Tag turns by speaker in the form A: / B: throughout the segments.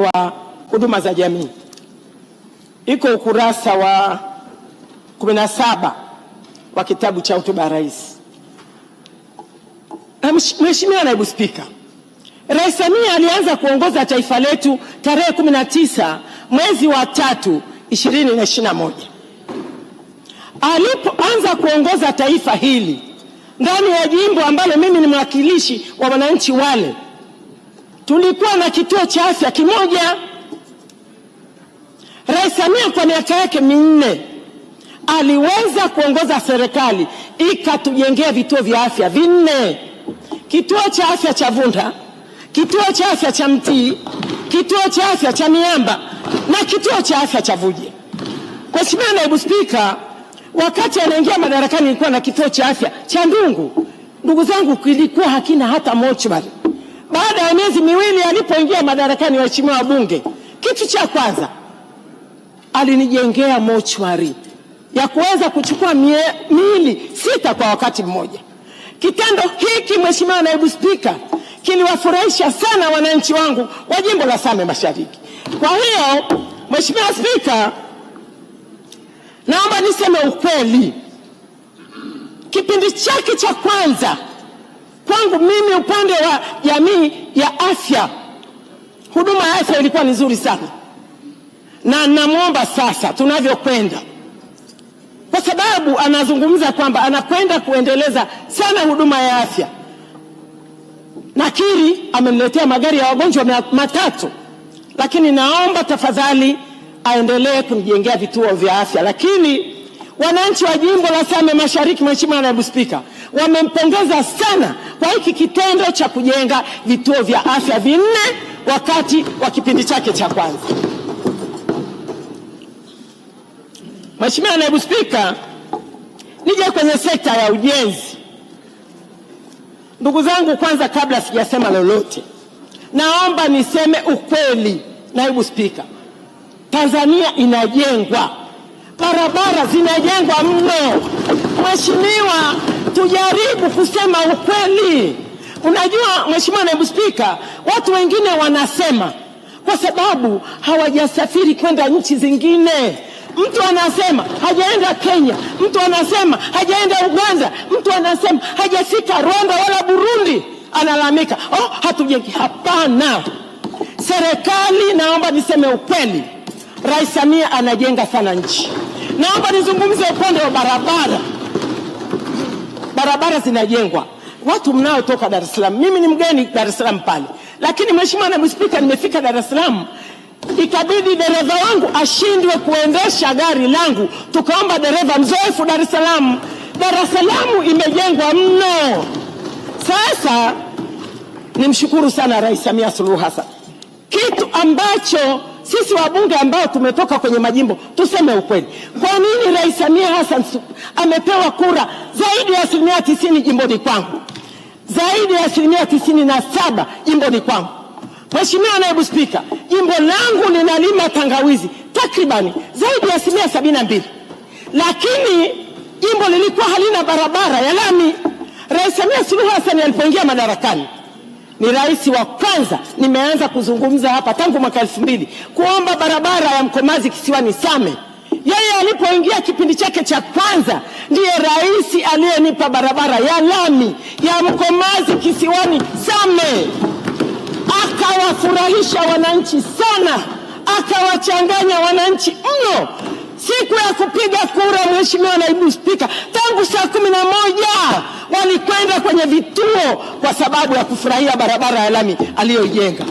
A: wa huduma za jamii iko ukurasa wa 17 wa kitabu cha hotuba ya rais. Mheshimiwa naibu Spika, Rais Samia alianza kuongoza taifa letu tarehe 19 mwezi wa tatu 2021. Alipoanza kuongoza taifa hili ndani ya jimbo ambalo mimi ni mwakilishi wa wananchi wale tulikuwa na kituo cha afya kimoja. Rais Samia kwa miaka yake minne aliweza kuongoza serikali ikatujengea vituo vya afya vinne: kituo cha afya cha Vunda, kituo cha afya cha Mtii, kituo cha afya cha Miamba na kituo cha afya cha Vuje. Mheshimiwa Naibu Spika, wakati anaingia madarakani ilikuwa na kituo cha afya cha Ndungu. Ndugu zangu, kilikuwa hakina hata mochwari. Baada ya miezi miwili alipoingia madarakani, waheshimiwa wabunge, kitu cha kwanza alinijengea mochwari ya kuweza kuchukua miili sita kwa wakati mmoja. Kitendo hiki Mheshimiwa Naibu Spika kiliwafurahisha sana wananchi wangu wa jimbo la Same Mashariki. Kwa hiyo Mheshimiwa Spika, naomba niseme ukweli, kipindi chake cha kwanza Kwangu mimi upande wa jamii ya afya, huduma ya afya ilikuwa ni nzuri sana, na namwomba sasa tunavyokwenda, kwa sababu anazungumza kwamba anakwenda kuendeleza sana huduma ya afya. Nakiri amemletea magari ya wagonjwa matatu, lakini naomba tafadhali aendelee kunijengea vituo vya afya. Lakini wananchi wa jimbo la Same Mashariki, Mheshimiwa Naibu Spika, wamempongeza sana kwa hiki kitendo cha kujenga vituo vya afya vinne wakati wa kipindi chake cha kwanza. Mheshimiwa Naibu Spika, nije kwenye sekta ya ujenzi. Ndugu zangu, kwanza kabla sijasema lolote, naomba niseme ukweli. Naibu Spika, Tanzania inajengwa, barabara zinajengwa mno Mheshimiwa, tujaribu kusema ukweli. Unajua Mheshimiwa Naibu Spika, watu wengine wanasema kwa sababu hawajasafiri kwenda nchi zingine. Mtu anasema hajaenda Kenya, mtu anasema hajaenda Uganda, mtu anasema hajafika Rwanda wala Burundi, analalamika oh, hatujengi. Hapana, serikali, naomba niseme ukweli, Rais Samia anajenga sana nchi. Naomba nizungumze upande wa barabara barabara zinajengwa, watu mnaotoka Dar es Salaam. Mimi ni mgeni Dar es Salaam pale, lakini Mheshimiwa Naibu Spika, nimefika Dar es Salaam ikabidi dereva wangu ashindwe kuendesha gari langu, tukaomba dereva mzoefu Dar es Salaam. Dar es Salaam imejengwa mno. Sasa nimshukuru sana Rais Samia Suluhu Hassan, kitu ambacho sisi wabunge ambao tumetoka kwenye majimbo tuseme ukweli. Kwa nini Rais Samia Hassan amepewa kura zaidi ya asilimia tisini jimboni kwangu, zaidi ya asilimia tisini na saba jimboni kwangu. Mheshimiwa Naibu Spika, jimbo langu linalima tangawizi takribani zaidi ya asilimia sabini na mbili, lakini jimbo lilikuwa halina barabara ya lami. Rais Samia Suluhu Hassan alipoingia madarakani ni rais wa kwanza nimeanza kuzungumza hapa tangu mwaka elfu mbili kuomba barabara ya Mkomazi Kisiwani Same yeye alipoingia kipindi chake cha kwanza ndiye rais aliyenipa barabara ya lami ya Mkomazi Kisiwani Same, akawafurahisha wananchi sana, akawachanganya wananchi mno. Siku ya kupiga kura, Mheshimiwa Naibu Spika, tangu saa kumi na moja walikwenda kwenye vituo kwa sababu ya kufurahia barabara ya lami aliyoijenga.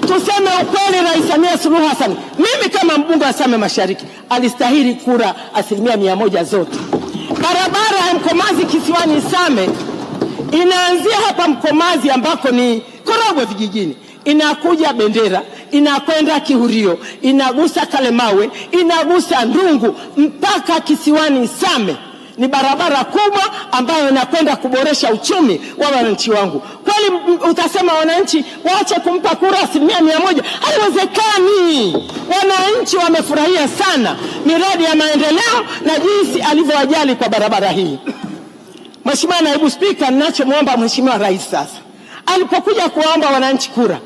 A: Tuseme ukweli, Rais Samia Suluhu Hassan, mimi kama mbunge wa Same Mashariki alistahili kura asilimia mia moja zote. Barabara ya Mkomazi Kisiwani Same inaanzia hapa Mkomazi ambako ni Korogwe vijijini, inakuja Bendera, inakwenda Kihurio, inagusa Kalemawe, inagusa Ndungu mpaka Kisiwani Same ni barabara kubwa ambayo inakwenda kuboresha uchumi wa wananchi wangu. Kweli utasema wananchi waache kumpa kura asilimia mia moja? Haiwezekani. Wananchi wamefurahia sana miradi ya maendeleo na jinsi alivyowajali kwa barabara hii. Mheshimiwa Naibu Spika, ninachomwomba Mheshimiwa Rais sasa, alipokuja kuwaomba wananchi kura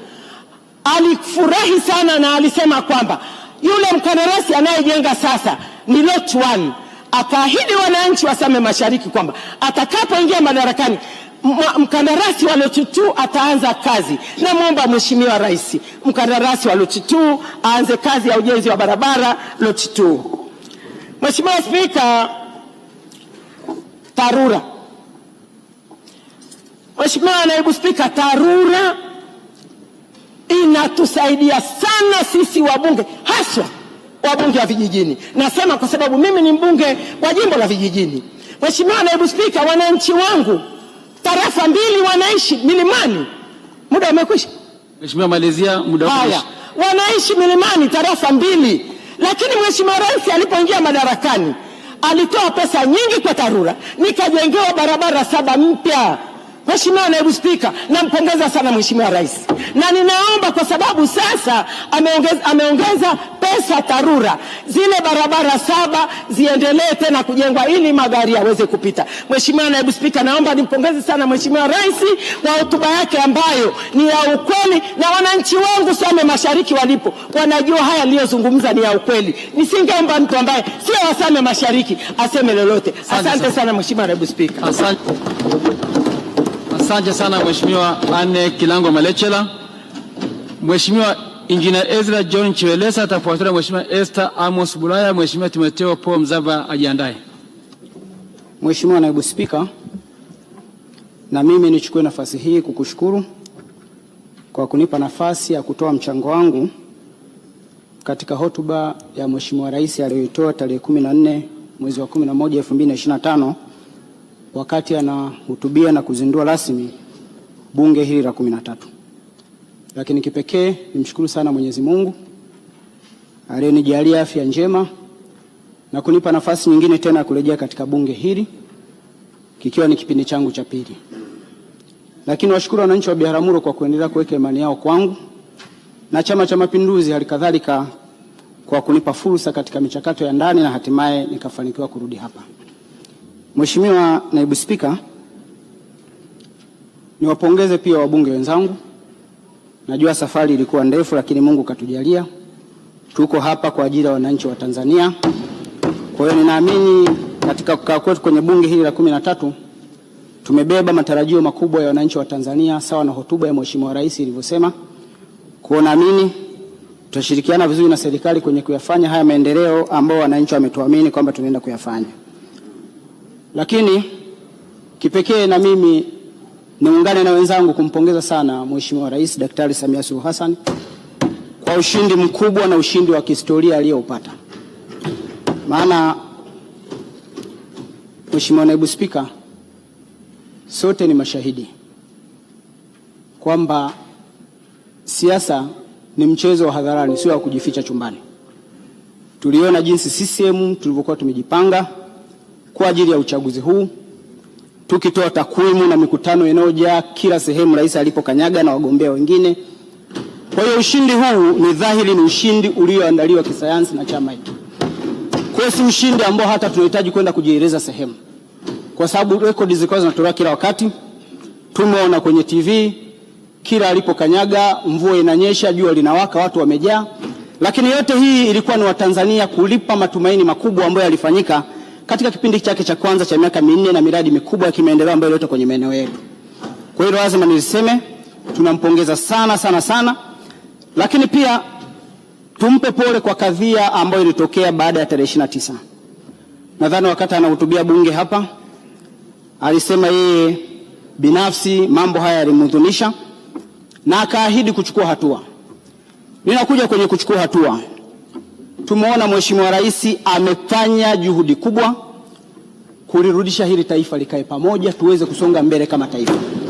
A: alifurahi sana na alisema kwamba yule mkandarasi anayejenga sasa ni lot one akaahidi wananchi wa Same Mashariki kwamba atakapoingia madarakani mkandarasi wa loti 2 ataanza kazi. Namwomba Mheshimiwa Rais, mkandarasi wa loti 2 aanze kazi ya ujenzi wa barabara loti 2. Mheshimiwa Spika, TARURA. Mheshimiwa Naibu Spika, TARURA inatusaidia sana sisi wabunge haswa wabunge wa vijijini. Nasema kwa sababu mimi ni mbunge wa jimbo la vijijini. Mheshimiwa Naibu Spika, wananchi wangu tarafa mbili wanaishi milimani. Muda umekwisha
B: Mheshimiwa, malizia muda Haya,
A: wanaishi milimani tarafa mbili, lakini Mheshimiwa Rais alipoingia madarakani alitoa pesa nyingi kwa TARURA nikajengewa barabara saba mpya. Mheshimiwa Naibu Spika, nampongeza sana Mheshimiwa Rais na ninaomba kwa sababu sasa ameongeza, ameongeza pesa TARURA zile barabara saba ziendelee tena kujengwa ili magari yaweze kupita. Mheshimiwa Naibu Spika, naomba nimpongeze sana Mheshimiwa Rais kwa hotuba yake ambayo ni ya ukweli, na wananchi wangu Same Mashariki walipo wanajua haya aliyozungumza ni ya ukweli. Nisingeomba mtu ambaye sio wa Same Mashariki aseme lolote. Asante sana Mheshimiwa Naibu Spika.
B: Asante sana Mheshimiwa Anne Kilango Malechela. Mheshimiwa injina Ezra John Chiwelesa atafuatiwa na Mheshimiwa Esther Amos Bulaya. Mheshimiwa Timotheo Paul Mzava ajiandae.
C: Mheshimiwa Naibu Spika, na mimi nichukue nafasi hii kukushukuru kwa kunipa nafasi ya kutoa mchango wangu katika hotuba ya Mheshimiwa Rais aliyoitoa tarehe 14 mwezi wa 11 2025, wakati anahutubia na kuzindua rasmi bunge hili la 13. Lakini kipekee nimshukuru sana Mwenyezi Mungu aliyenijalia afya njema na kunipa nafasi nyingine tena ya kurejea katika bunge hili kikiwa ni kipindi changu cha pili. Lakini washukuru wananchi wa Biharamulo kwa kuendelea kuweka imani yao kwangu na Chama cha Mapinduzi halikadhalika kwa kunipa fursa katika michakato ya ndani na hatimaye nikafanikiwa kurudi hapa. Mheshimiwa Naibu Spika, niwapongeze pia wabunge wenzangu Najua safari ilikuwa ndefu, lakini Mungu katujalia, tuko hapa kwa ajili ya wananchi wa Tanzania. Kwa hiyo ninaamini katika kukaa kwetu kwenye bunge hili la kumi na tatu tumebeba matarajio makubwa ya wananchi wa Tanzania, sawa na hotuba ya Mheshimiwa Rais ilivyosema. Kwa naamini tutashirikiana vizuri na serikali kwenye kuyafanya haya maendeleo ambayo wananchi wametuamini kwamba tunaenda kuyafanya. Lakini kipekee na mimi Niungane na wenzangu kumpongeza sana Mheshimiwa Rais Daktari Samia Suluhu Hassan kwa ushindi mkubwa na ushindi wa kihistoria aliyoupata. Maana Mheshimiwa Naibu Spika, sote ni mashahidi kwamba siasa ni mchezo wa hadharani, sio wa kujificha chumbani. Tuliona jinsi CCM tulivyokuwa tumejipanga kwa ajili ya uchaguzi huu tukitoa takwimu na mikutano inayojaa kila sehemu rais alipokanyaga na wagombea wengine. Kwa hiyo ushindi huu ni dhahiri, ni ushindi ulioandaliwa kisayansi na chama hiki. Kwa si ushindi ambao hata tunahitaji kwenda kujieleza sehemu, kwa sababu rekodi zilikuwa zinatolewa kila wakati. Tumeona kwenye TV kila alipokanyaga, mvua inanyesha, jua linawaka, watu wamejaa, lakini yote hii ilikuwa ni Watanzania kulipa matumaini makubwa ambayo yalifanyika katika kipindi chake cha kwanza cha miaka minne na miradi mikubwa ya kimaendeleo ambayo ililetwa kwenye maeneo yetu. Kwa hiyo lazima niliseme, tunampongeza sana sana sana, lakini pia tumpe pole kwa kadhia ambayo ilitokea baada ya tarehe 29. Nadhani wakati anahutubia bunge hapa alisema yeye binafsi mambo haya yalimhudhunisha na akaahidi kuchukua hatua. Ninakuja kwenye kuchukua hatua tumeona Mheshimiwa Rais amefanya juhudi kubwa kulirudisha hili taifa likae pamoja, tuweze kusonga mbele kama taifa.